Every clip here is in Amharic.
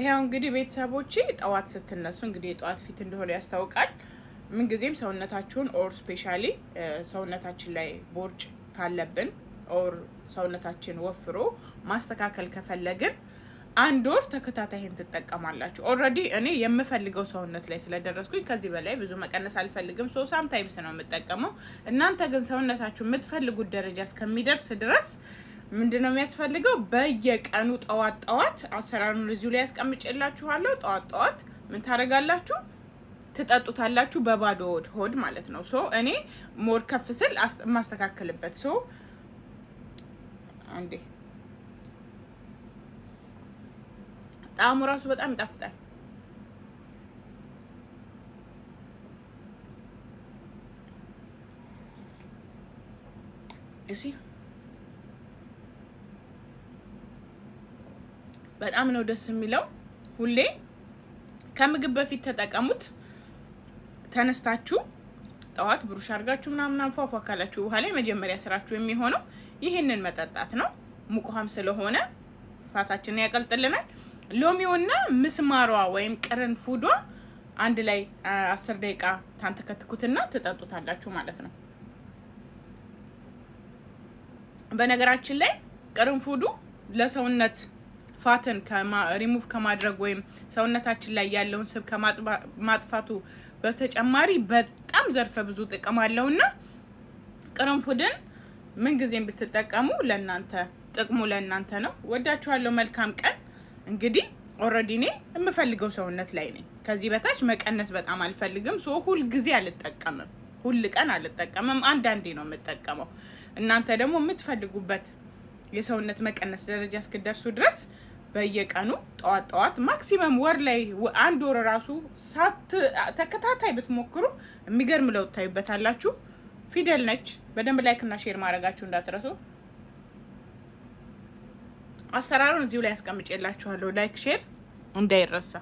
ይሄው እንግዲህ ቤተሰቦቼ ጠዋት ስትነሱ እንግዲህ የጠዋት ፊት እንደሆነ ያስታውቃል። ምንጊዜም ሰውነታችሁን ኦር ስፔሻሊ ሰውነታችን ላይ ቦርጭ ካለብን ኦር ሰውነታችን ወፍሮ ማስተካከል ከፈለግን አንድ ወር ተከታታይን ትጠቀማላችሁ። ኦልሬዲ እኔ የምፈልገው ሰውነት ላይ ስለደረስኩኝ ከዚህ በላይ ብዙ መቀነስ አልፈልግም። ሶ ሳምታይምስ ነው የምጠቀመው። እናንተ ግን ሰውነታችሁ የምትፈልጉት ደረጃ እስከሚደርስ ድረስ ምንድነው የሚያስፈልገው? በየቀኑ ጠዋት ጠዋት አሰራሩን እዚሁ ላይ ያስቀምጭላችኋለሁ። ጠዋት ጠዋት ምን ታደርጋላችሁ? ትጠጡታላችሁ፣ በባዶ ሆድ ሆድ ማለት ነው። ሶ እኔ ሞር ከፍ ስል የማስተካከልበት ሶ አንዴ ጣዕሙ ራሱ በጣም ይጣፍጣል። ዩሲ በጣም ነው ደስ የሚለው። ሁሌ ከምግብ በፊት ተጠቀሙት። ተነስታችሁ ጠዋት ብሩሽ አድርጋችሁ ምናምን አንፏፏ ካላችሁ በኋላ የመጀመሪያ ስራችሁ የሚሆነው ይህንን መጠጣት ነው። ሙቅ ስለሆነ ፋታችንን ያቀልጥልናል። ሎሚውና ምስማሯ ወይም ቅርን ፉዷ አንድ ላይ አስር ደቂቃ ታንተከትኩትና ትጠጡታላችሁ ማለት ነው። በነገራችን ላይ ቅርንፉዱ ለሰውነት ፋትን ሪሙቭ ከማድረግ ወይም ሰውነታችን ላይ ያለውን ስብ ከማጥፋቱ በተጨማሪ በጣም ዘርፈ ብዙ ጥቅም አለው እና ቅርንፉድን ምንጊዜም ብትጠቀሙ ለእናንተ ጥቅሙ ለእናንተ ነው። ወዳችኋለሁ። መልካም ቀን። እንግዲህ ኦልሬዲ እኔ የምፈልገው ሰውነት ላይ ነኝ። ከዚህ በታች መቀነስ በጣም አልፈልግም። ሶ ሁል ጊዜ አልጠቀምም፣ ሁል ቀን አልጠቀምም። አንዳንዴ ነው የምጠቀመው። እናንተ ደግሞ የምትፈልጉበት የሰውነት መቀነስ ደረጃ እስክደርሱ ድረስ በየቀኑ ጠዋት ጠዋት ማክሲመም ወር ላይ አንድ ወር ራሱ ሳት ተከታታይ ብትሞክሩ የሚገርም ለውጥ ታዩበታላችሁ። ፊደል ነች። በደንብ ላይክና ሼር ማድረጋችሁ እንዳትረሱ። አሰራሩን እዚሁ ላይ አስቀምጬላችኋለሁ። ላይክ ሼር እንዳይረሳ።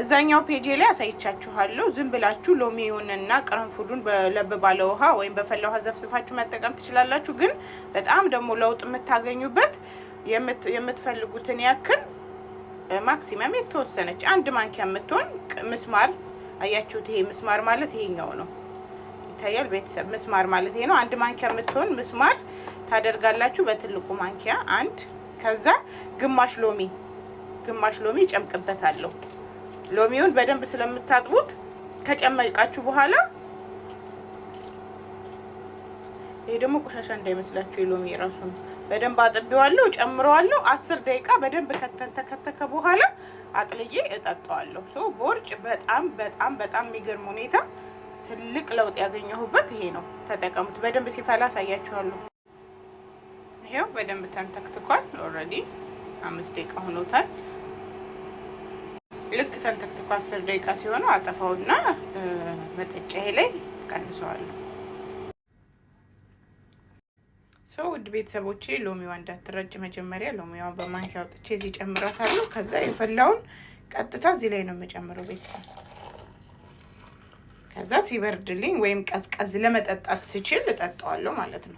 እዛኛው ፔጄ ላይ አሳይቻችኋለሁ። ዝም ብላችሁ ሎሚውንና ቅርንፉዱን በለብ ባለ ውሃ ወይም በፈላ ውሃ ዘፍዝፋችሁ መጠቀም ትችላላችሁ። ግን በጣም ደግሞ ለውጥ የምታገኙበት የምትፈልጉትን ያክል ማክሲመም የተወሰነች አንድ ማንኪያ የምትሆን ምስማር አያችሁት። ይሄ ምስማር ማለት ይሄኛው ነው ይታያል። ቤተሰብ ምስማር ማለት ይሄ ነው። አንድ ማንኪያ የምትሆን ምስማር ታደርጋላችሁ በትልቁ ማንኪያ አንድ። ከዛ ግማሽ ሎሚ ግማሽ ሎሚ ጨምቅበታለሁ። ሎሚውን በደንብ ስለምታጥቡት ከጨመቃችሁ በኋላ ይሄ ደግሞ ቆሻሻ እንዳይመስላችሁ የሎሚ ራሱ ነው። በደንብ አጥቢዋለሁ፣ ጨምረዋለሁ። አስር ደቂቃ በደንብ ከተንተከተከ በኋላ አጥልዬ እጠጣዋለሁ። ሶ ቦርጭ በጣም በጣም በጣም የሚገርም ሁኔታ ትልቅ ለውጥ ያገኘሁበት ይሄ ነው። ተጠቀሙት። በደንብ ሲፈላ አሳያችኋለሁ። ይሄው በደንብ ተንተክትኳል። ኦልሬዲ አምስት ደቂቃ ሆኖታል። ልክ ተንተክትኳ አስር ደቂቃ ሲሆነው አጠፋውና መጠጫዬ ላይ ቀንሰዋለሁ። ሰው ውድ ቤተሰቦቼ ሎሚዋ እንዳትረጭ መጀመሪያ ሎሚዋ በማንኪያ አውጥቼ እዚህ ጨምራታለሁ። ከዛ የፈላውን ቀጥታ እዚህ ላይ ነው የምጨምረው ቤተሰብ። ከዛ ሲበርድልኝ ወይም ቀዝቀዝ ለመጠጣት ስችል እጠጣዋለሁ ማለት ነው።